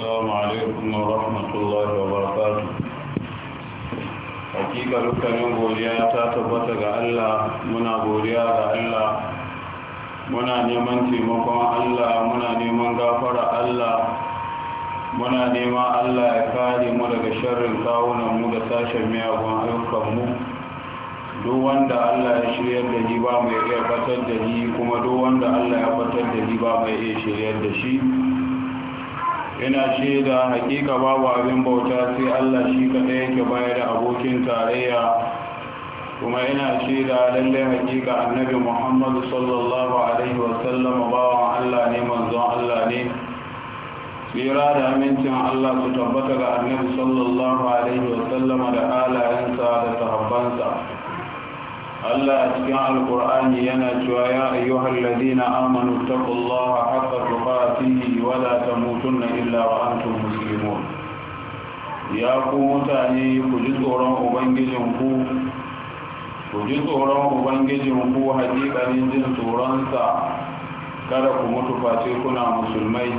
السلام عليكم ورحمة الله hakika dukkanin godiya ta tabbata ga Allah muna godiya ga Allah muna neman taimakon Allah muna neman gafara Allah muna neman Allah ya kare mu daga sharrin kawunan mu da sashen miyagun ayyukanmu duk wanda Allah ya shiryar da shi ba mai iya fatar da shi kuma duk wanda Allah ya batar da shi ba mai iya shiryar da shi yana shaida da hakika babu abin bauta sai Allah shi kaɗai yake bayar da abokin tarayya kuma yana shaida da lallai hakika annabi Muhammad sallallahu alaihi wasallam bawan Allah ne manzon Allah ne tsira da amincin Allah su tabbata ga annabi sallallahu alaihi wasallama da alayensa da sahabbansa Allah a cikin alkur'ani yana cewa ya ayyuhal ladina amanu taqullaha haqqa tuqatihi wa la tamutunna illa wa antum muslimun ya ku mutane ku ji tsoron ubangijin ku ku ji tsoron ubangijin ku hakikanin jin tsoronsa kada ku mutu face kuna musulmai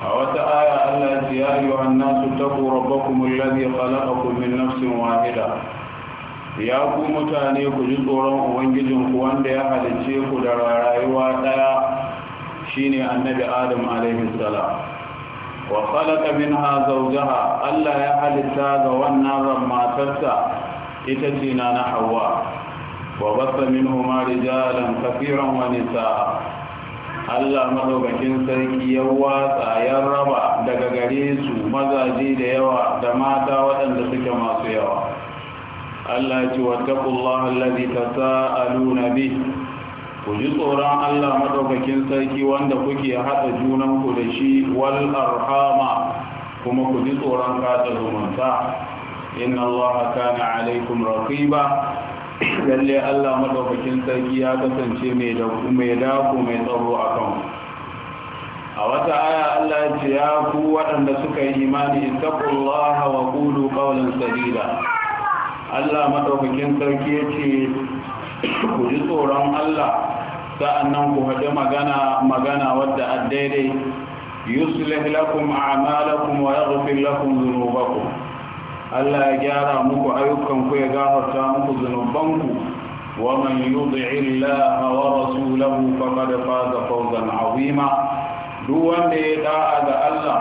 a wata aya Allah ya ce ya ayyuhan nasu taqu rabbakum alladhi khalaqakum min nafsin wahida ya ku mutane ku ji tsoron ubangijinku wanda ya halicce ku da rayuwa ɗaya shine annabi adam alaihi salam wa khalaqa minha zawjaha Allah ya halitta ga wannan matarsa ita ce na na hawa wa basa minhuma rijalan kafiran wa nisaa Allah madaukakin sarki ya watsa ya raba daga gare su mazaje da yawa da mata waɗanda suke masu yawa Allah ji wa taqullaha allazi tasaaluna bih ku ji tsoron Allah madaukakin sarki wanda kuke hada junanku ku da shi wal arhama kuma ku ji tsoron kada zumunta inna Allah kana alaikum rakiba? lalle Allah madaukakin sarki ya kasance mai daku mai da mai tsaro akan a wata aya Allah ya ce ya ku waɗanda suka yi imani ittaqullaha wa qulu qawlan sadida Allah madaukakin sarki ya ce ku ji tsoron Allah sa'annan ku haɗe magana magana wadda a daidai yuslih lakum a'malakum wa yaghfir lakum dhunubakum Allah ya gyara muku ayyukanku ya gafarta muku zunubanku wa man yuti'i Allah wa rasulahu faqad faza fawzan 'azima duk wanda ya da'a ga Allah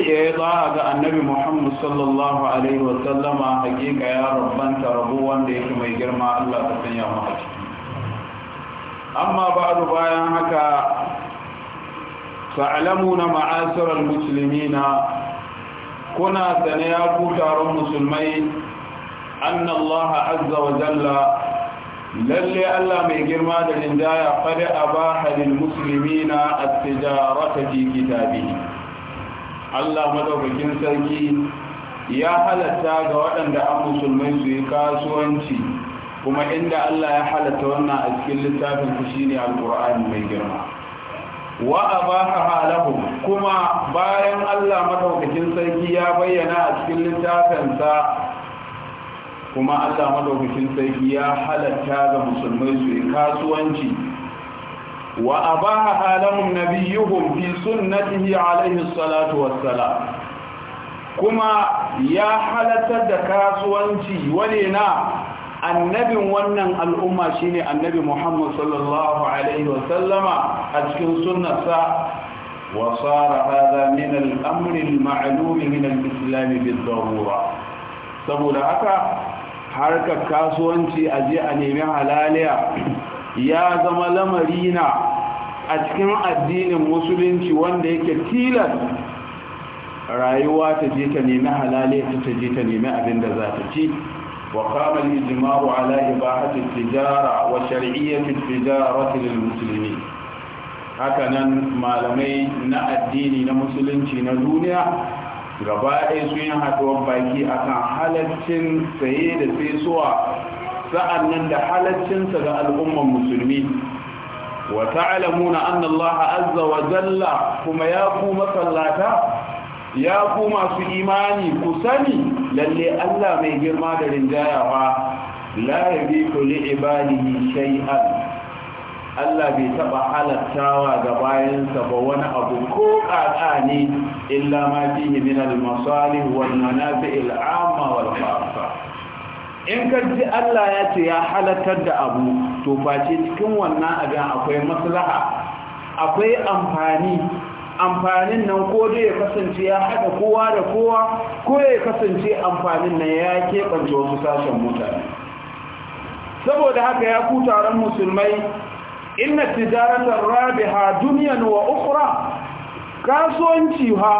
ya yi za ga annabi muhammad sallallahu alaihi wasallama hakika ya rabanta rabu wanda yake mai girma allah ta sanya mu amma ba amma bayan haka fa'alamu na ma'asirar musulmi na kuna sane ya ku taron musulmai annallaha azza wa jalla lalle allah mai girma da linjaya fadi a ba halin musulmi na a tijarata fi Allah madaukakin sarki ya halatta ga waɗanda an musulmai su yi kasuwanci kuma inda Allah ya halatta wannan a cikin littafin ku shine alqur'ani mai girma wa abaha halahum kuma bayan Allah madaukakin sarki ya bayyana a cikin littafinsa kuma Allah madaukakin sarki ya halatta ga musulmai su yi kasuwanci wa abaha lahum nabiyyuhum fi sunnatihi alayhi salatu wassalam kuma ya halartar da kasuwanci wane na annabin wannan al'umma shine annabi Muhammad sallallahu alaihi wa sallama a cikin sunnarsa wa sara hadha min al-amr al-ma'lum saboda haka harkar kasuwanci aje a nemi halaliya ya zama lamari na a cikin addinin musulunci wanda yake tilas rayuwa ta je ta nemi halaliyarta ta je ta nemi abin da za ta ci wa kama ijma'u ala ibahati tijara wa shar'iyyati tijarati lil muslimin haka nan malamai na addini na musulunci na duniya gaba ɗaya sun yi haɗuwar baki akan halaccin saye da saisuwa sa'an nan da halaccinsa ga al'umman musulmi wa alamu anna Allah azza wa jalla kuma ya ku masallata ya ku masu imani ku sani lalle Allah mai girma da rinjayawa la bi kuli ibadihi shay'an Allah bai taɓa halattawa ga bayansa ba wani abu ko ƙaƙa ne illa ma fihi min al-masalih wal manafi al wal in ka Allah ya ce ya halartar da abu to face cikin wannan abin akwai maslaha akwai amfani amfanin nan ko dai ya kasance ya haɗa kowa da kowa ko ya kasance amfanin nan ya keɓance wasu sashen mutane saboda haka ya ku taron musulmai inna tijaratar rabiha duniyan wa ukra kasuwanci ha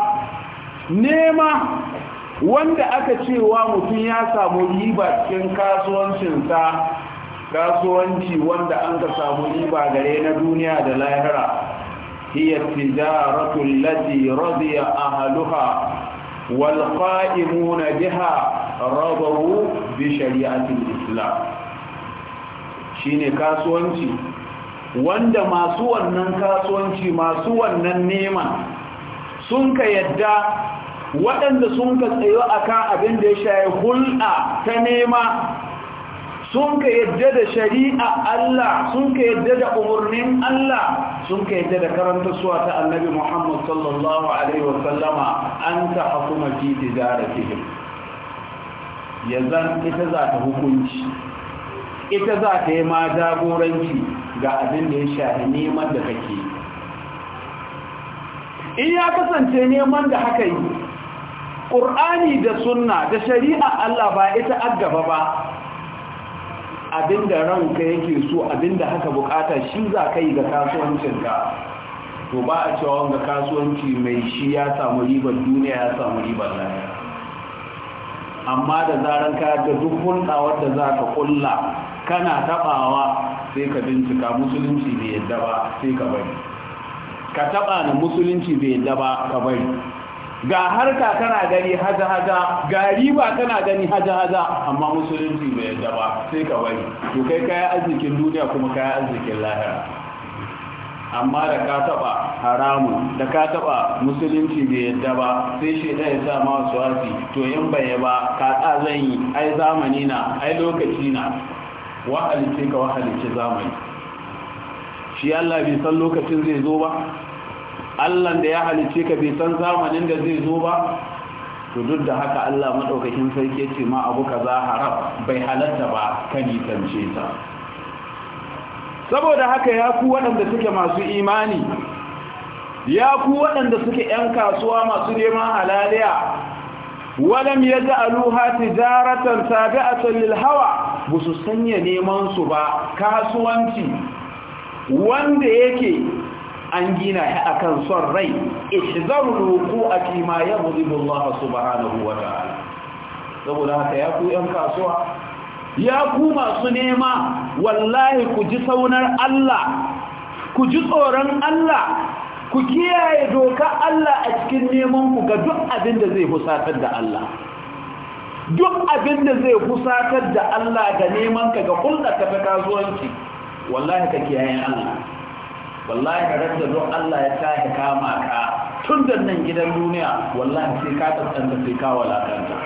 nema wanda aka cewa mutum ya samu riba cikin kasuwancinsa kasuwanci wanda an ka samu riba gare na duniya da lahira hiya tijaratu allati radiya ahluha wal qa'imuna biha radu bi shari'ati islam shine kasuwanci wanda masu wannan kasuwanci masu wannan neman sun ka yadda waɗanda sun ka tsayo a kan abin da ya shaye hulɗa ta nema sun ka yadda da shari'a Allah sun ka yadda da umarnin Allah sun ka yadda da karanta suwa ta annabi Muhammad sallallahu Alaihi wasallama an ta hakuma fi ita za ta hukunci ita za ta yi ma jagoranci ga abin da ya shahi neman da kake in ya kasance neman da haka yi ƙur'ani da sunna da shari'a Allah ba ita agaba ba abinda ranka yake so abinda haka bukata shi za ka yi ga kasuwancinka to ba a cewa wanda kasuwanci mai shi ya samu ribar duniya ya samu ribar lafiya amma da zaran ka ga duk hulɗa wadda za ka ƙulla kana taɓawa sai ka bincika musulunci bai yadda ba sai ka bari ka taɓa na musulunci bai yadda ba ka bari ga harka tana gani haza-haza ga riba tana gani haza-haza amma musulunci bai yadda ba sai ka bari to kai kayan arzikin duniya kuma kai arzikin lahira amma da ka taba haramun da ka taba musulunci bai yadda ba sai shi ɗaya sa ma hasi to in bai ba ka ta zan yi ai zamani na ai lokaci na wahalice ka wahalice zamani shi Allah bai san lokacin zai zo ba Allah da ya halice ka bai san zamanin da zai zo ba to duk da haka Allah madaukakin sarki ce ma abu kaza haram bai halatta ba ka nisance ta saboda haka ya ku waɗanda suke masu imani ya ku waɗanda suke 'yan kasuwa masu neman halaliya walam ya ji aluha tijaratan a lil hawa su sanya neman su ba kasuwanci wanda yake an gina shi akan son rai ihzaru ku a ya yadhibu Allah subhanahu wa ta'ala saboda haka ya ku yan kasuwa ya ku masu nema wallahi ku ji saunar Allah ku ji tsoron Allah ku kiyaye doka Allah a cikin neman ku ga duk abin da zai fusatar da Allah duk abin da zai fusatar da Allah ga neman ka ga kullu ta kasuwanci wallahi ka kiyaye Allah wallahi da don Allah ya sake kama ka tun da nan gidan duniya wallahi sai ka tsantsanta sai ka walakanta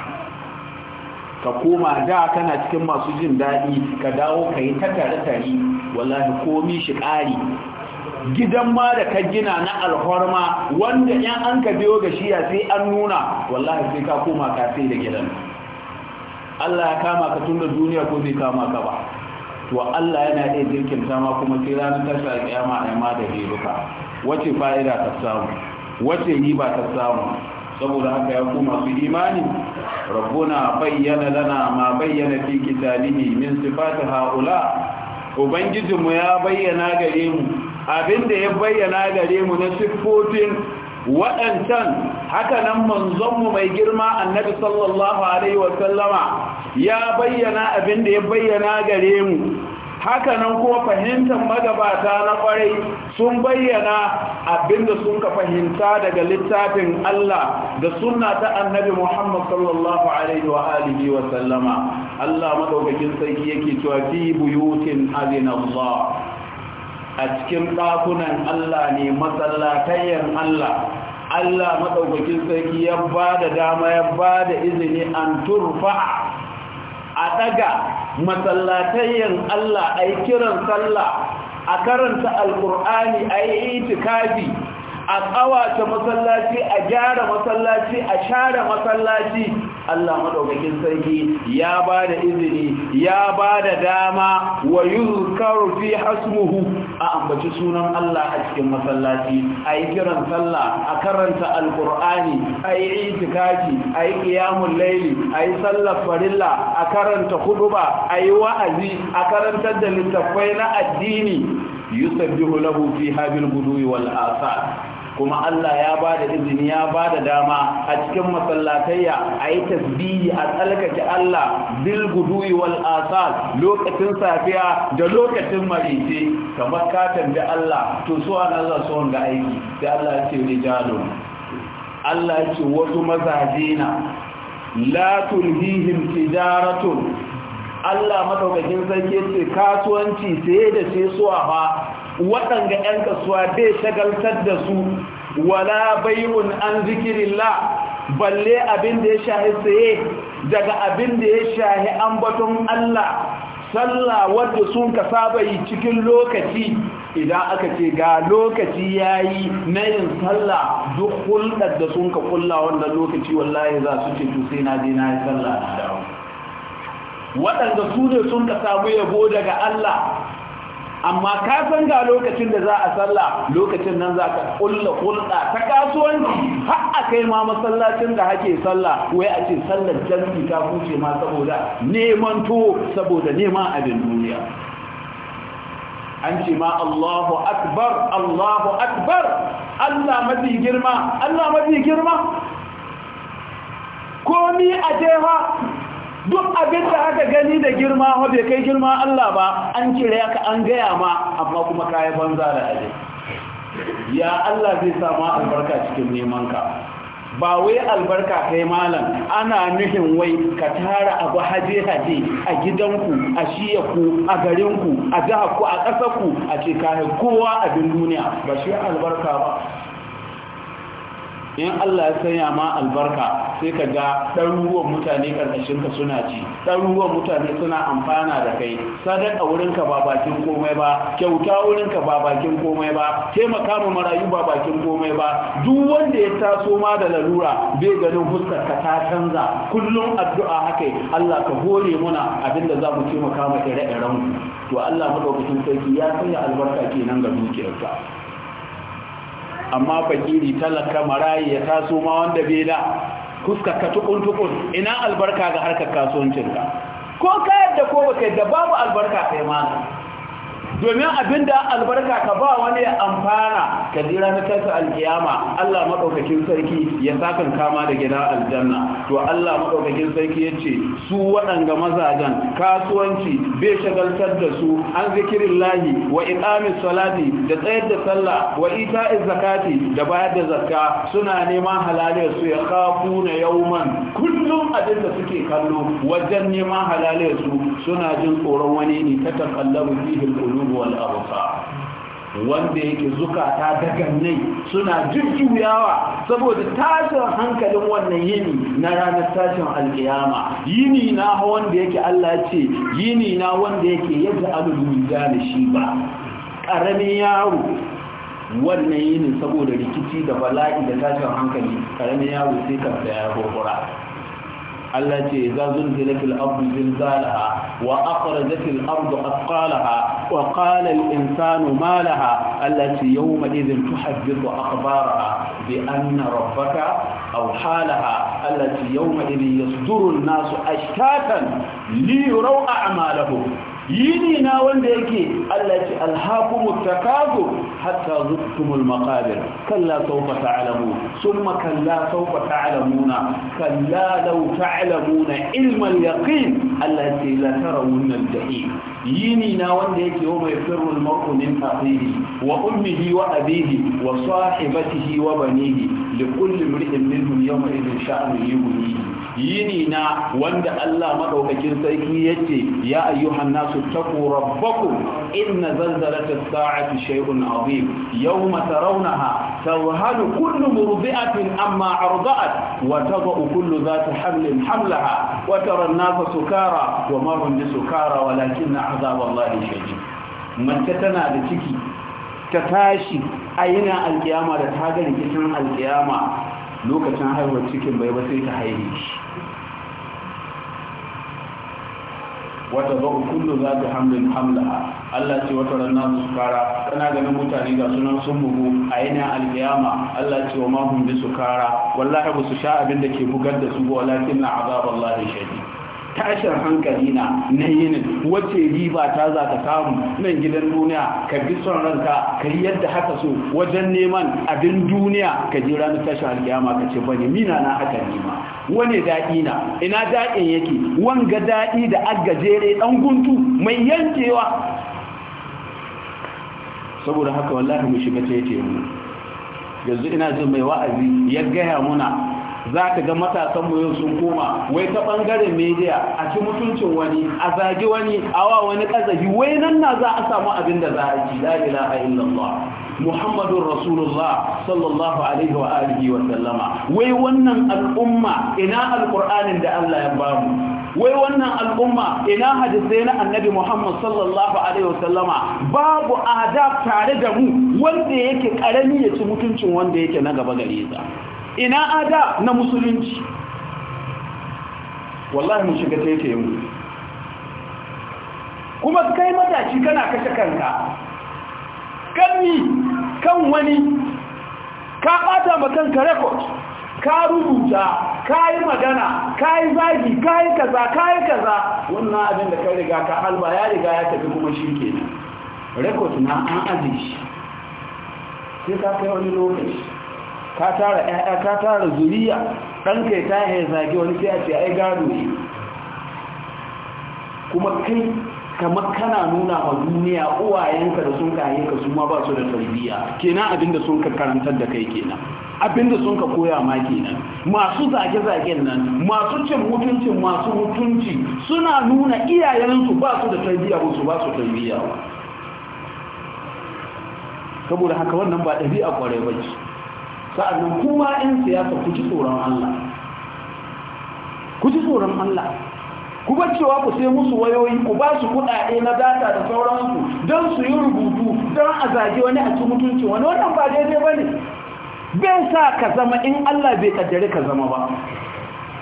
ka koma da kana cikin masu jin daɗi ka dawo ka yi ta tare-tare wallahi komi shi ƙari gidan ma da ka gina na alhorma wanda yan an ka biyo ga shiya sai an nuna wallahi sai ka koma ka sai da gidan Allah ya kama ka tun da duniya ko zai kama ka ba to Allah yana iya jirkinta sama kuma sai ranar tashi a kiyama a yamma da ribuka wace fa'ida ta samu wace riba ta samu saboda haka ya ku su imani rabbuna bayyana lana ma bayyana fi kitabihi min sifati haula ubangijinmu ya bayyana gare mu abinda ya bayyana gare mu na siffofin waɗancan haka nan manzonmu mai girma annabi sallallahu alaihi sallama. ya bayyana abin da ya bayyana gare mu hakanan kuma fahimtar magabata na kwarai sun bayyana abinda sun ka fahimta daga littafin Allah da sunna ta annabi Muhammad sallallahu alaihi wa alihi wa sallama Allah madaukakin sarki yake cewa fi buyutin azina Allah a cikin ɗakunan Allah ne masallatayen Allah Allah madaukakin sarki ya bada dama ya ba da izini an turfa a daga masallatayyan Allah yi kiran sallah a karanta alkur'ani yi itikafi a ƙawata masallaci a gyara masallaci a share masallaci Allah maɗaukakin sarki ya ba da izini ya ba da dama wa yuzkaru fi hasmuhu a ambaci sunan Allah a cikin masallaci a yi kiran sallah a karanta alkur'ani a yi itikafi a yi ƙiyamun laili a yi sallar farilla a karanta huduba a yi wa'azi a karantar da littattafai na addini yusabbihu lahu fiha bil gudu wal asar kuma Allah ya ba da izini ya ba da dama a cikin masallatayya a yi tasbihi a tsalkake Allah bil guduwi wal asal lokacin safiya da lokacin marice kamar ka tambi Allah to so an Allah so ga aiki sai Allah ya ce rijalun Allah ya ce wasu mazaje la tulhihim tijaratun Allah madaukakin sarki ce kasuwanci sai da sai suwa fa waɗanda 'yan kasuwa bai shagaltar da su wala bai'un an zikirin la? balle abin da ya shahi tsaye daga abin da ya shahi ambaton Allah sallah wadda sun ka saba yi cikin lokaci idan aka ce ga lokaci ya yi na yin sallah duk hulɗar da sun ka kulla wanda lokaci wallahi za su ce to na je na yi sallah na dawo waɗanda su ne sun ka samu yabo daga Allah amma ka san ga lokacin da za a sallah lokacin nan za ka kulla hulɗa ta kasuwanci har a kai ma masallacin da hake sallah wai a ce sallar jami'i ta huce ma saboda neman saboda neman abin duniya an ce ma Allahu akbar Allahu akbar Allah mafi girma Allah mafi girma komi a jeha duk abin da aka gani da girma bai kai girma Allah ba an kire ka an gaya ma amma kuma kayi banza da aje ya Allah zai sama albarka cikin neman ka ba wai albarka kai malam ana nufin wai ka tara abu haje haje a gidanku a shiyaku a garinku a jihar ku a ƙasarku ku a ce kayan kowa abin duniya ba shi albarka ba in Allah ya sanya ma albarka sai ka ga ɗaruruwan mutane ƙarƙashin ka suna ci ɗaruruwan mutane suna amfana da kai sadaka wurin ka ba bakin komai ba kyauta wurin ka ba bakin komai ba taimaka ma marayu ba bakin komai ba duk wanda ya taso ma da lalura bai ganin fuskar ka ta canza kullum addu'a haka Allah ka hore muna abinda za mu taimaka ma ire-iren to Allah madaukakin sarki ya sanya albarka kenan ga dukiyarka amma fakiri talaka marayi ya taso ma wanda bai da fuskar ka tukun tukun ina albarka ga harkar kasuwancinka ko ka yadda ko baka yadda babu albarka kai malam domin abinda albarka ka ba wani ya amfana ka jira na alkiyama Allah maɗaukakin sarki ya sakan kama da gida aljanna to Allah maɗaukakin sarki ya ce su waɗanga mazajen kasuwanci bai shagaltar da su an zikirin lahi wa iqamis salati da tsayar da sallah wa ita zakati da bayar da zakka suna neman halaliyar su ya kafuna yauman kullum abin da suke kallo wajen neman halaliyar su suna jin tsoron wani ne ta takallabu fihi alqulub wal wanda yake zukata daga nai suna jujjuyawa saboda tashin hankalin wannan yini na ranar tashin alkiyama yini na wanda yake Allah ce yini na wanda yake yadda alulun gane shi ba ƙaramin yaro wannan yini saboda rikici da bala'i da tashin hankali ƙaramin yaro sai kan tsaya hurhura Allah ce za zulzilatil ardu zilzalaha wa akhrajatil ardu athqalaha wa qala al insanu ma laha Allah ce yawma idhin tuhaddithu akhbaraha bi anna rabbaka awha laha Allah ce yawma idhin yasduru an-nasu ashtatan li yaraw a'malahum yini na wanda yake Allah ce ta takazur hatta zuktumul maqabir kalla sawfa ta'lamu thumma kalla sawfa ta'lamuna kalla law ta'lamuna ilmal yaƙin Allah ce la tarawunna al yini na wanda yake wa mai firrul mar'u min wa ummihi wa abihi wa sahibatihi wa banihi li kulli imri'in minhum yawma idhin sha'nu yughni yini na wanda Allah madaukakin sarki yace ya ayyuhan nasu taqu rabbakum inna zalzalatas sa'ati shay'un 'azim yawma tarawnaha tawhalu kullu murdi'atin amma arba'at wa tad'u kullu dhati hamlin hamlaha wa tara an-nasa sukara wa ma hum walakin walakinna azab Allah shadid mace tana da ciki ta tashi a yana alkiyama da ta gani rikicin alkiyama lokacin haihuwar cikin bai ba sai ta haihu shi wata ba kullum za ta hamlin hamlaha Allah ce wata ran su kara. kana ganin mutane ga sunan sun bugu a yana alkiyama Allah ce wa mahum bi sukara wallahi ba su sha abin da ke bugar da su ba walakin na azab Allah shadid tashin hankali na na yinin wacce riba ta za ta samu nan gidan duniya ka bi son ranka ka yi yadda haka so wajen neman abin duniya ka ji ranar tashin alkiyama ka ce bane mina na haka nima wane daɗi na ina daɗin yake wanga daɗi da agajere ɗan guntu mai yankewa saboda haka wallahi mu shiga ce yanzu ina jin mai wa'azi ya gaya muna za ka ga matasanmu yau sun koma wai ta ɓangaren media a ci mutuncin wani a zagi wani awa wani ƙazafi wai nan na za a samu abin da za a ci la ilaha illallah muhammadun rasulullah sallallahu alaihi wa alihi wa sallama wai wannan al'umma ina alƙur'anin da Allah ya bamu wai wannan al'umma ina hadisai na annabi muhammad sallallahu alaihi wa sallama babu adab tare da mu wanda yake karami ya ci mutuncin wanda yake na gaba gare sa ina ada na musulunci wallahi mu shiga take mu kuma kai matashi kana kashe kanka kanni kan wani ka bata ma kanka record ka rubuta ka yi magana ka yi zagi ka yi kaza ka yi kaza wannan abin da ka riga ka alba ya riga ya tafi kuma shi kenan record na an ajiye shi sai ka kai wani lokaci ka tara ƴaƴa ka tara zuriya ɗan kai ta ya zage wani sai a ce ai gado ne kuma kai kamar kana nuna a duniya uwayenka da sun kaye ka su ma ba su da tarbiyya kenan da sun ka karantar da kai kenan Abin da sun ka koya ma kenan masu zage-zagen nan masu cin mutunci masu mutunci suna nuna iyayensu ba su da tarbiyya ba su ba su tarbiyya ba saboda haka wannan ba ɗabi'a kwarai ba ce sa'annan kuma in siyasa ku ji tsoron Allah ku ji tsoron Allah ku bar cewa ku sai musu wayoyi ku ba su kuɗaɗe na data da sauransu don su yi rubutu don a zage wani a ci mutunci wani wannan ba daidai ba ne bai sa ka zama in Allah bai kaddare ka zama ba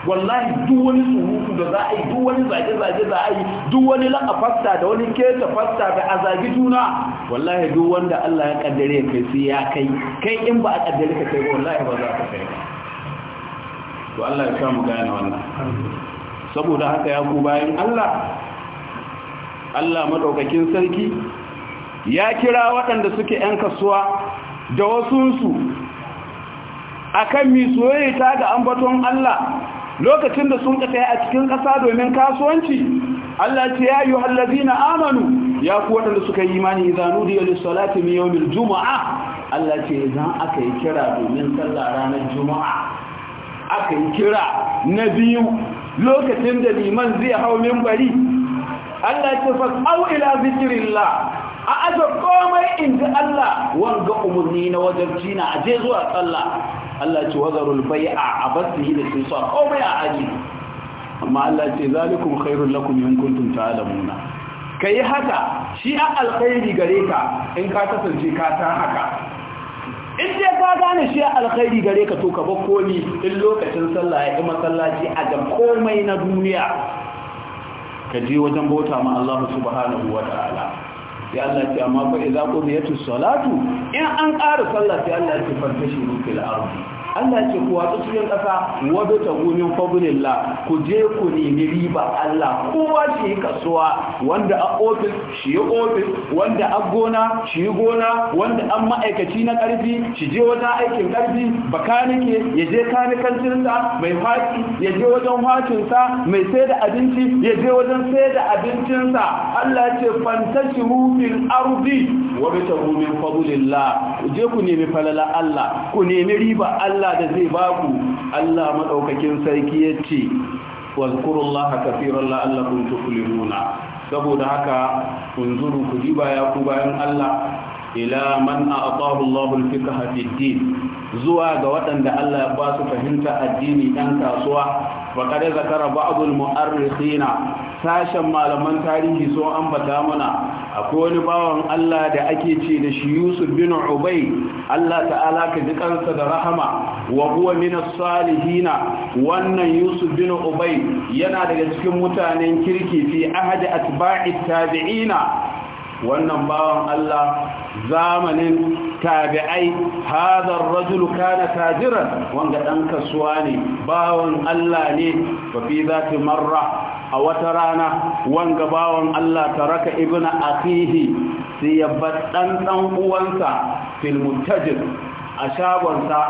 wallahi duk wani surutu da za a yi duk wani zage-zage za a yi duk wani laƙafasta da wani keta fasta da a zagi juna wallahi duk wanda Allah ya kaddare ya kai sai ya kai kai in ba a kaddare ka kai wallahi ba za ka kai to Allah ya samu gane wannan saboda haka ya ku bayan Allah Allah madaukakin sarki ya kira waɗanda suke ƴan kasuwa da wasunsu su akan mi soyayya ta ga ambaton Allah lokacin da sun kasa a cikin ƙasa domin kasuwanci Allah ce ya yi hallazina amanu ya fi waɗanda suka yi mani idan nudi ya lissalati mai juma'a Allah ce zan aka yi kira domin sallah ranar juma'a aka yi kira na biyu lokacin da liman zai hau mimbari Allah ce fas'au ila zikirillah a aza komai ji Allah wanga umarni na wajen cina aje zuwa sallah Allah ce wazarul bai'a a basihi da sun sa komai a aji amma Allah ce zalikum khairul lakum in kuntum ta'lamuna kai haka shi a alkhairi gare ka in ka kasance ka san haka in dai ka gane shi a alkhairi gare ka to ka bar komi in lokacin sallah ya yi masallaci a da komai na duniya ka je wajen bauta ma Allah subhanahu wa ta'ala ya Allah ce amma fa idza qudiyatus salatu in an ƙara sallah sai Allah ya tafarta shi fil ardi Allah ce ku watsu cikin ƙasa wadda ta gumin ku je ku nemi riba Allah kowa shi yi kasuwa wanda a ofis shi yi ofis wanda a gona shi yi gona wanda an ma'aikaci na ƙarfi shi je wajen aikin ƙarfi bakanike ya je kani kanikancinsa mai faɗi ya je wajen hacinsa mai sai da abinci ya je wajen sai da abincinsa Allah ce fantashiru fil ardi wa bi tabu min ku je ku nemi falala Allah ku nemi riba Allah Allah da zai baku Allah maɗaukakin sarki ya yace wazkurullaha kaseeran la'allakum nuna saboda haka unzuru ku ji baya ku bayan Allah ila man a'tahu Allahu al fi din zuwa ga waɗanda Allah ya ba su fahimta addini dan kasuwa wa zakara ba'adul mu'arrikhina sashen malaman tarihi so ambata mana akwai wani bawan Allah da ake ce da shi Yusuf bin Ubay Allah ta'ala ka ji kansa da rahama wa huwa min as-salihin wannan Yusuf bin Ubay yana daga cikin mutanen kirki fi ahadi atba'i tabi'ina wannan bawan Allah zamanin tabi'ai hadar rajul kana tajiran wanda dan kasuwa ne bawan Allah ne fa fi zati marra a wata rana wanga bawan Allah taraka ibnu akhihi sai ya bar dan dan uwansa fil mutajir a shagonsa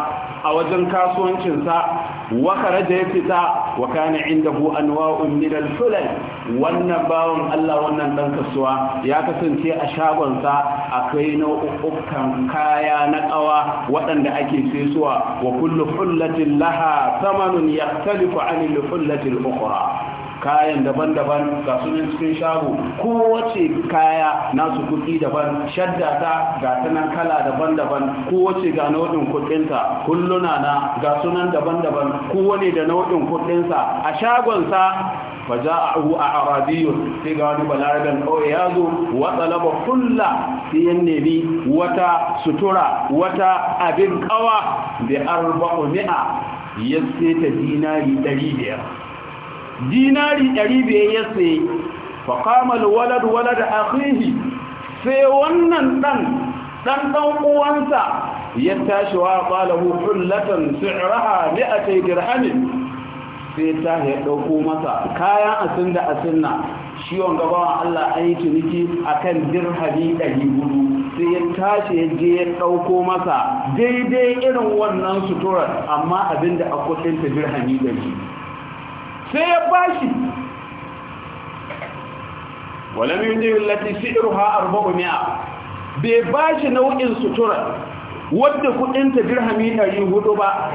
a wajen kasuwancinsa wa kharaja ya fita wa kana indahu anwa'un min al-hulal wannan bawon Allah wannan dan kasuwa ya kasance a shagon sa akwai nau'ukan kaya na kawa waɗanda ake sesuwa wa kullu hullatin laha thamanun yaktalifu 'an al-hullati al-ukhra kayan daban-daban ga gasunan cikin shago kowace kaya nasu kuɗi daban shadda ta gasunan kala daban-daban wace ga nau'in kuɗinsa kulluna na sunan daban-daban kowane da nau'in kuɗinsa a shagonsa fa za a hu a arabiyun sai ga wani balaragen kawai ya zo wata laba kulla sai yan nemi wata sutura wata abin kawa da arba'u mi'a ya sai dinari ɗari biyar dinari ɗari biyar ya sayi faƙamal walad walad akhihi sai wannan ɗan ɗan ɗan uwansa ya tashi wa ƙalahu ne a mi'atai dirhamin sai ta ya ɗauko masa kayan asin da na. shi wanga wa Allah an yi ciniki a kan dirhami ɗari hudu sai ya tashi ya je ya ɗauko masa daidai irin wannan suturar amma abinda a akwai ta da ɗari sai ya bashi walam yudi allati si'ruha 400 bai bashi nau'in sutura wadda kudin ta dirhami 400 ba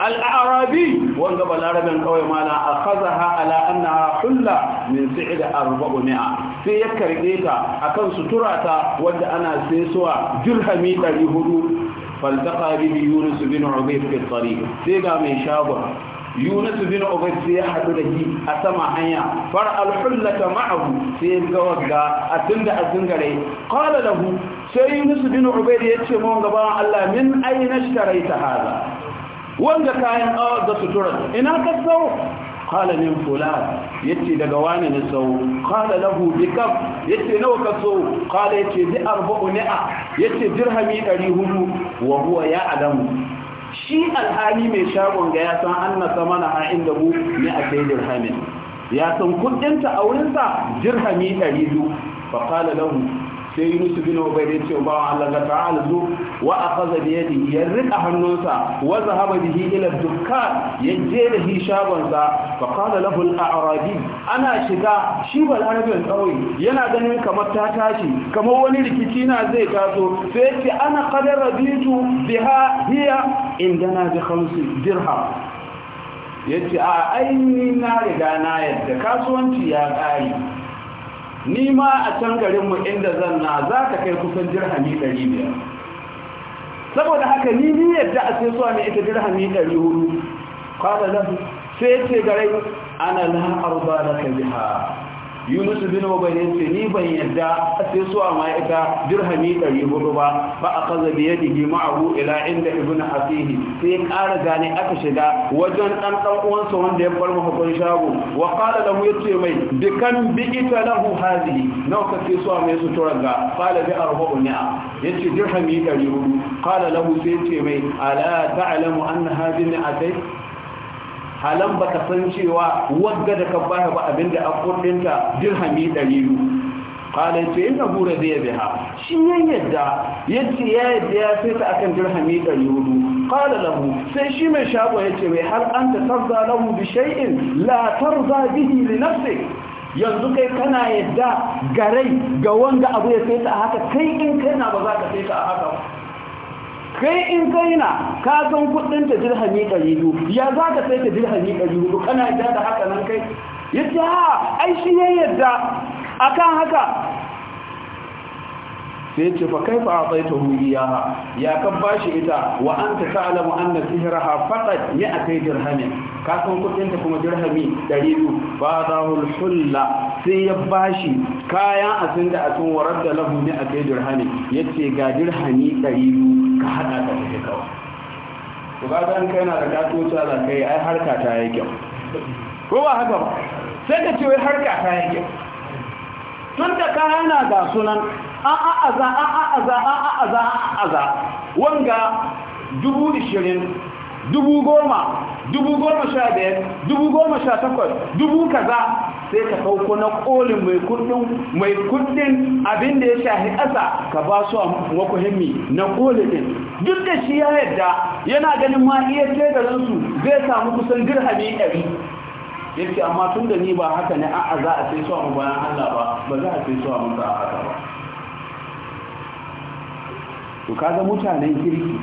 al'arabi arabi wanga Balaraben kawai mala akhazaha ala annaha hulla min si'd 400 sai ya karbe ta akan sutura ta wadda ana sai suwa dirhami 400 فالتقى به يونس بن عبيد في Sai ga mai shagon. yunus bin ubayd sai ya hadu da shi a sama hanya far hullata ma'ahu sai ga wagga a tunda a zingare qala lahu sai yunus bin ubayd ya ce mun gaba Allah min aina sharaita hada wanda kayan awa da sutura ina ka sau qala min fulan yace daga wani ne sau qala lahu bikam yace nawa ka sau qala yace bi arba'u ni'a yace dirhami 400 wa huwa adamu? shi alhali mai shagon ga ya san an ha'in da mu ne a sai dirhamin ya san kudinta a wurinsa dirhami ɗari biyu fa kala lahu sai yunus bin ubay da ce ba Allah da ta'ala zu wa akhadha bi yadihi ya rika hannunsa wa zahaba bihi ila dukkan ya je da shi shagon sa fa qala lahu al-a'rabi ana shiga shi bal arabin kawai yana ganin kamar ta tashi kamar wani rikici na zai taso sai ce ana qad rabitu biha hiya indana bi khams dirham yace a ainihin na riga na yadda kasuwanci ya ƙare. ni ma a can garinmu inda zan na za ka kai kusan jirhami ɗari biyar saboda haka ni ni yadda a sai suwa ne ita jirhami ɗari hudu kwada lafi sai ce garai ana la arba ka biha yunus bin ubayn ce ni ban yadda sai su amma ita dirhami 400 ba fa akaza bi yadihi ma'ahu ila inda ibn asihi sai ƙara gane aka shiga wajen dan ɗan uwansa wanda ya bar mahukun shago wa qala lahu yace mai bikan bi ita lahu hadhihi nawa ka sai su amma su turanga qala bi arba'una yace dirhami 400 qala lahu sai ce mai ala ta'lamu anna hadhihi atai halan ka san cewa wadda da ka baya ba abinda an kudinta dirhami 200 kala ce ina hura zai biha shi ya yadda yace ya yadda ya sai ta akan dirhami 400 kala lahu sai shi mai shago ce mai har an ta tarza lahu bi shay'in la tarza bihi li yanzu kai kana yadda garai ga wanda abu ya sai ta haka kai in kai na ba za ka sai ta haka kai in kai na ka san kudin ta dirhami ɗari biyu ya za ka sai ta dirhami ɗari hudu kana yadda da haka nan kai ha, ai shi ya yadda akan haka sai ce fa kaifa ataitahu iyaha ya ka bashi ita wa anta ta'lamu anna sihraha faqat ya'ti dirhamin ka san kuɗin ta kuma dirhami 200 ba za mu hulla sai ya bashi kayan asin da asin warar da lahu ne a kai ya ce ga dirhami ɗari 200 ka haɗa ka take kawai to ga dan kai na da katota da kai ai harka ta yi kyau, ko ba haka ba sai ka ce wai harka ta kyau? tun da hana ga sunan A'a a za a'a a za a'a a za a'a a za wanga dubu ishirin dubu goma dubu goma sha biyar dubu goma sha takwas dubu kaza sai ka kauko na kolin mai kudin mai kudin abin da ya shahi ƙasa ka ba su a himmi na kolin din duk da shi ya yadda yana ganin ma iya ce da zai samu kusan dirhami ɗari yake amma tun da ni ba haka ne a'a za a sai su a bayan Allah ba ba za a sai su a mutu a haka ba to kaga mutanen kirki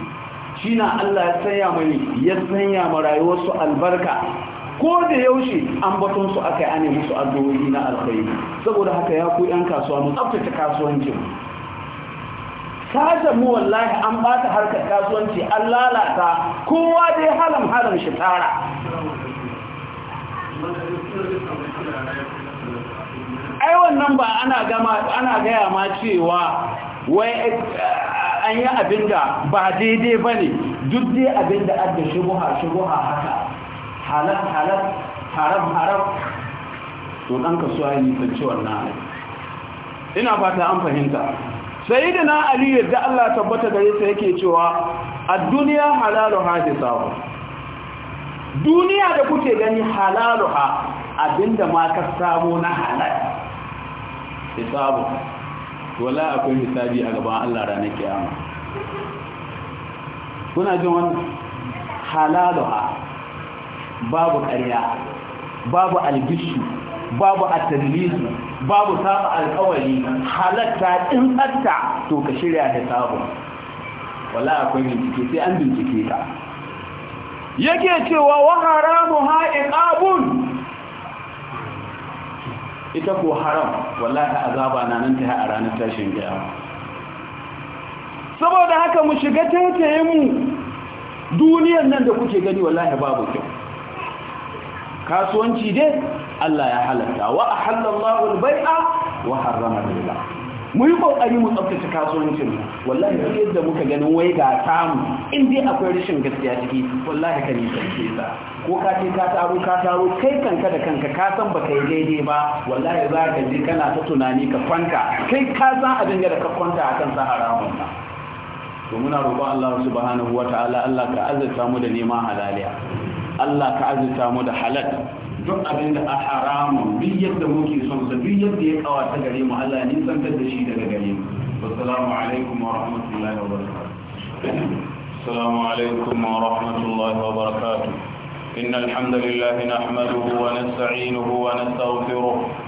shi na Allah ya sanya mai ya sanya ma rayuwarsu albarka ko da yaushe an batunsu su aka yi ane musu addu'o'i na alkhairi saboda haka ya ku yan kasuwa mu tsaftace kasuwancin sata mu wallahi an ba ta harka kasuwanci an lalata kowa dai halam halam shi tara ai wannan ba ana gama ana gaya ma cewa wai an yi abin da ba daidai ba ne duk dai abin da an da shubuha shubuha haka halar halar haram haram to ɗan kasuwa ya nisanci wannan ina fata an fahimta sai da na aliyu da Allah tabbata gare sa yake cewa a duniya halalu hadisa duniya da kuke gani halalu ha abinda ma ka samu na halal hisabu wala akwai hisabi a gaban Allah ranar kiyama kuna jin wani halaluha babu ƙarya babu algishu babu atallizu babu saba alƙawari halatta in tsatta to ka shirya hisabu wala akwai bincike sai an bincike ta yake cewa wa haramu ita ko haram wallahi azaba na nan ta a ranar tashin kiyama saboda haka mu shiga taitaye mu duniyar nan da kuke gani wallahi babu kyau kasuwanci dai Allah ya halatta wa ahallallahu al-bai'a wa harrama riba mu yi kokari mu tsaftace kasuwancin wallahi duk yadda muka ganin wai ga samu in dai akwai rashin gaskiya ciki wallahi ka sarki sa ko ka ce ka taro ka taro kai kanka da kanka ka san baka yi daidai ba wallahi za ka je kana ta tunani ka kwanta kai ka san abin da ka kwanta akan sahara haramun nan to muna roƙon Allah subhanahu wata'ala Allah ka azurta mu da neman halaliya Allah ka azurta mu da halal duk abin da a haramun duk yadda muke son sa duk yadda ya kawata gare mu Allah ne santar da shi daga gare mu assalamu alaikum wa rahmatullahi wa barakatuh assalamu alaikum wa rahmatullahi wa barakatuh innal hamdalillah nahmaduhu wa nasta'inuhu wa nastaghfiruh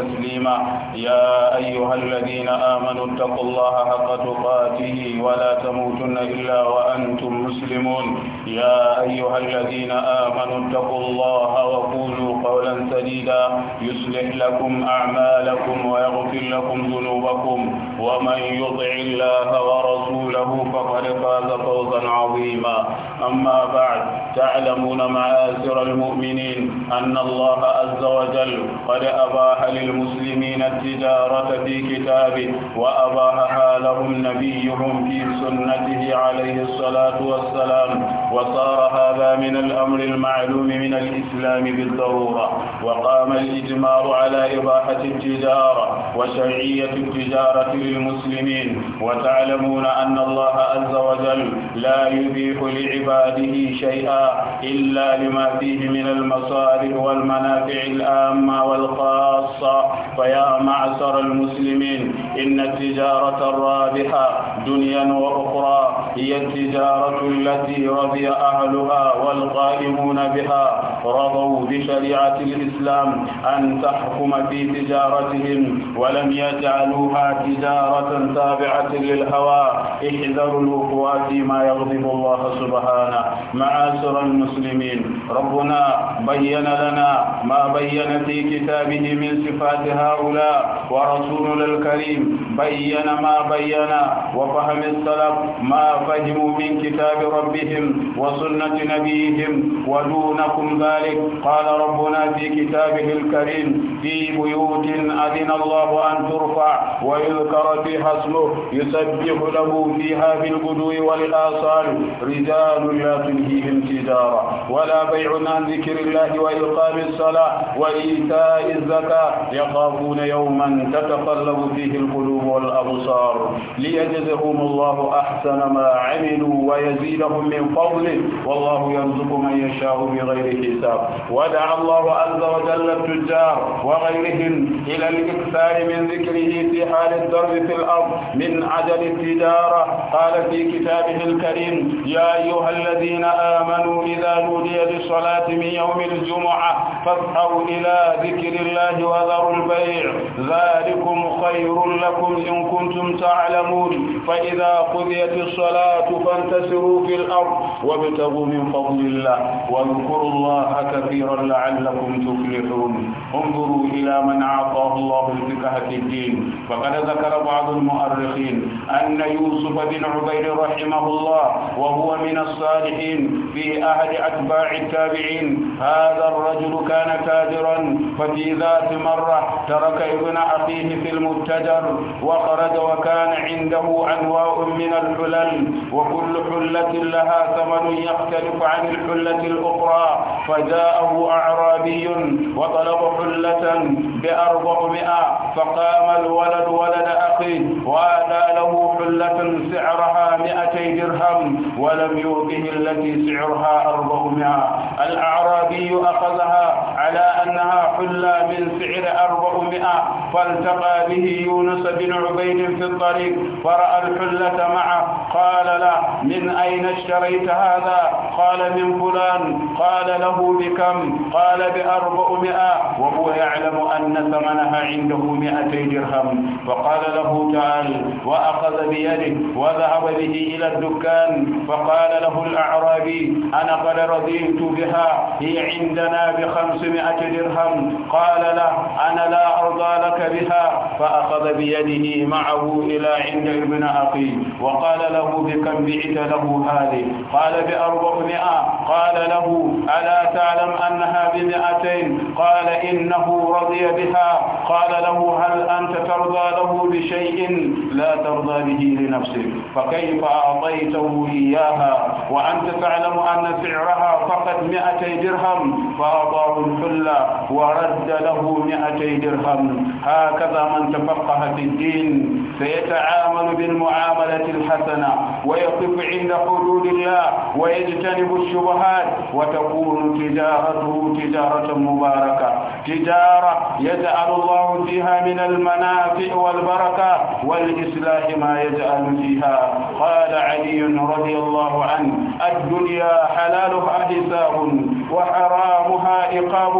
تسليما يا أيها الذين آمنوا اتقوا الله حق تقاته ولا تموتن إلا وأنتم مسلمون يا أيها الذين آمنوا اتقوا الله وقولوا قولا سديدا يصلح لكم أعمالكم ويغفر لكم ذنوبكم ومن يطع الله ورسوله فقد فاز فوزا عظيما أما بعد تعلمون معاشر المؤمنين أن الله عز وجل قد أباح لل للمسلمين التجارة في كتابه وأباحها لهم نبيهم في سنته عليه الصلاة والسلام وصار هذا من الأمر المعلوم من الإسلام بالضرورة وقام الإجماع على إباحة التجارة وشرعية التجارة للمسلمين وتعلمون أن الله عز وجل لا يبيح لعباده شيئا إلا لما فيه من المصالح والمنافع العامة والخاصة فيا معشر المسلمين إن التجارة الرابحة دنيا وأخرى هي التجارة التي رضي أهلها والقائمون بها رضوا بشريعة الإسلام أن تحكم في تجارتهم ولم يجعلوها تجارة تابعة للهوى احذروا الوقوع فيما يغضب الله سبحانه معاشر المسلمين ربنا بين لنا ما بين في كتابه من صفات هؤلاء ورسولنا الكريم بين ما بين وفهم السلف ما فهموا من كتاب ربهم وسنة نبيهم ودونكم ذلك قال ربنا في كتابه الكريم في بيوت أذن الله أن ترفع ويذكر فيها اسمه يسبح له فيها بالغدو والآصال رجال لا فيه انتدارا ولا بيع عن ذكر الله وإقام الصلاة وإيتاء الزكاة يخافون يوما تتقلب فيه القلوب والأبصار ليجزهم الله أحسن ما عملوا ويزيدهم من فضله والله يرزق من يشاء بغير حساب ودعا الله عز وجل التجار وغيرهم إلى الإكثار من ذكره في حال الدرب في الأرض من عجل التجارة قال في كتابه الكريم يا أيها الذين آمنوا إذا نودي للصلاة من يوم الجمعة فاسعوا إلى ذكر الله وذروا البيع ذلكم خير لكم إن كنتم تعلمون فإذا قضيت الصلاة فانتسروا في الأرض وابتغوا من فضل الله واذكروا الله كثيرا لعلكم تفلحون انظروا إلى من أعطاه الله الفكهة الدين فقد ذكر بعض المؤرخين أن يوسف بن عبيد رحمه الله وهو من الصالحين في أحد أتباع التابعين هذا الرجل كان كادرا ففي ذات مرة ترك ابن أخيه في المتجر وخرج وكان عنده أنواع من الحلل وكل حلة لها ثمن يختلف عن الحلة الأخرى فجاءه أعرابي وطلب حلة بأربعمائة فقام الولد ولد أخيه وآتى له حلة سعرها مئتي درهم ولم يعطه التي سعرها أربعمائة الأعرابي أخذها على أنها حلة من سعر أربعمائة فالتقى به يونس بن عبيد في الطريق فرأى الحلة معه قال له من أين اشتريت هذا قال من فلان قال له بكم قال بأربعمائة وهو يعلم أن ثمنها عنده مئتي درهم فقال له تعال وأخذ بيده وذهب به إلى الدكان فقال له الأعرابي أنا قد رضيت بها هي عندنا بخمسمائة درهم قال له أنا لا أرضى لك بها فأخذ بيده معه إلى عند ابن أخي وقال له بكم بعت له هذه قال بأربعمائة قال له ألا تعلم أنها بمئتين قال إنه رضي بها قال له هل أنت ترضى له بشيء لا ترضى به لنفسك فكيف أعطيته إياها وأنت تعلم أن سعرها فقط مئتي درهم فأعطاه الحلة ورد له مئتي درهم هكذا من تفقه في الدين فيتعامل بالمعاملة الحسنة ويقف عند حدود الله ويجتنب الشبهات وتكون تجارته تجارة مباركة تجارة يجعل الله فيها من المنافع والبركة والإصلاح ما يجعل فيها قال علي رضي الله عنه الدنيا حلالها حساب وحرامها إقاب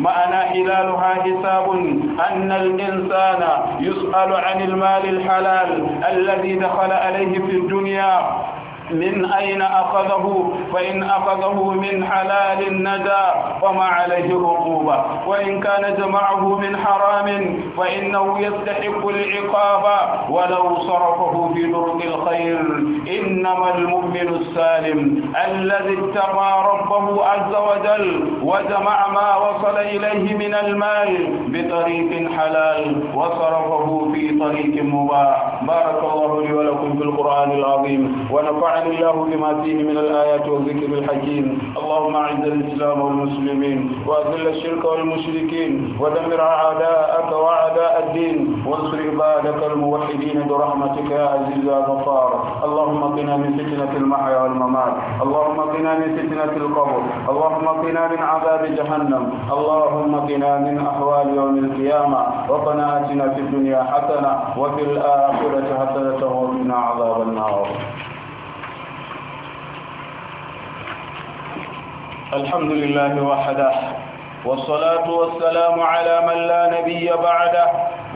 معنى حلالها حساب أن الإنسان يسأل عن المال الحلال الذي دخل عليه في الدنيا من أين أخذه فإن أخذه من حلال ندى فما عليه عقوبة وإن كان جمعه من حرام فإنه يستحق العقاب ولو صرفه في طرق الخير إنما المؤمن السالم الذي اتقى ربه عز وجل وجمع ما وصل إليه من المال بطريق حلال وصرفه في طريق مباح بارك الله لي ولكم في القرآن العظيم ونفعنا ونفعني الله بما فيه من الآيات والذكر الحكيم اللهم أعز الإسلام والمسلمين وأذل الشرك والمشركين ودمر أعداءك وأعداء الدين وانصر عبادك الموحدين برحمتك يا عزيز يا غفار اللهم قنا من فتنة المحيا والممات اللهم قنا من فتنة القبر اللهم قنا من عذاب جهنم اللهم قنا من أحوال يوم القيامة وقنا آتنا في الدنيا حسنة وفي الآخرة حسنة وقنا عذاب النار الحمد لله وحده والصلاة والسلام على من لا نبي بعده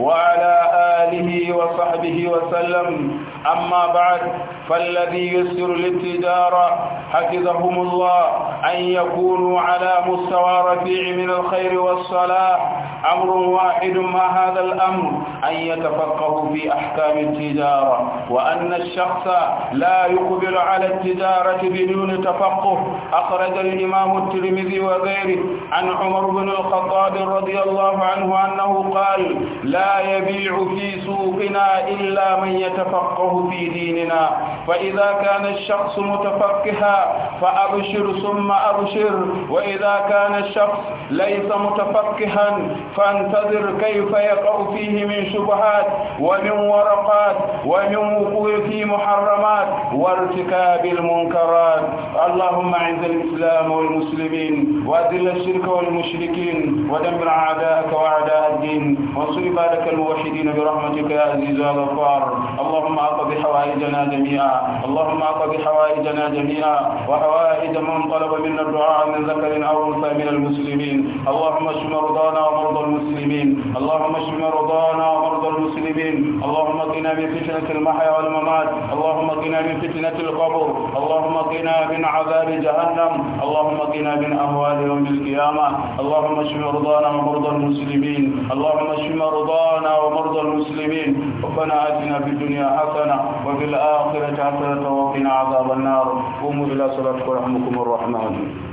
وعلى آله وصحبه وسلم أما بعد فالذي يسر الاتجار حفظهم الله أن يكونوا على مستوى رفيع من الخير والصلاح أمر واحد ما هذا الأمر أن يتفقهوا في أحكام التجارة وأن الشخص لا يقبل على التجارة بدون تفقه أخرج الإمام الترمذي وغيره عن عمر عمر بن الخطاب رضي الله عنه أنه قال لا يبيع في سوقنا إلا من يتفقه في ديننا فإذا كان الشخص متفقها فأبشر ثم أبشر وإذا كان الشخص ليس متفقها فانتظر كيف يقع فيه من شبهات ومن ورقات ومن وقوع في محرمات وارتكاب المنكرات اللهم أعز الإسلام والمسلمين وأذل الشرك والمشركين المشركين ودمر أعداءك وأعداء الدين وانصر عبادك الموحدين برحمتك يا عزيز يا غفار اللهم أقض حوائجنا جميعا اللهم أقض حوائجنا جميعا وحوائج من طلب منا الدعاء من ذكر أو أنثى من المسلمين اللهم اشف مرضانا ومرضى المسلمين اللهم اشف مرضانا ومرضى المسلمين اللهم قنا من فتنة المحيا والممات اللهم قنا من فتنة القبر اللهم قنا من عذاب جهنم اللهم قنا من اموالهم يوم القيامة اللهم اشف مرضانا ومرضى المسلمين اللهم اشف مرضانا ومرضى المسلمين ربنا آتنا في الدنيا حسنة وفي الآخرة حسنة وقنا عذاب النار قوموا إلى صلاتكم ورحمكم الرحمن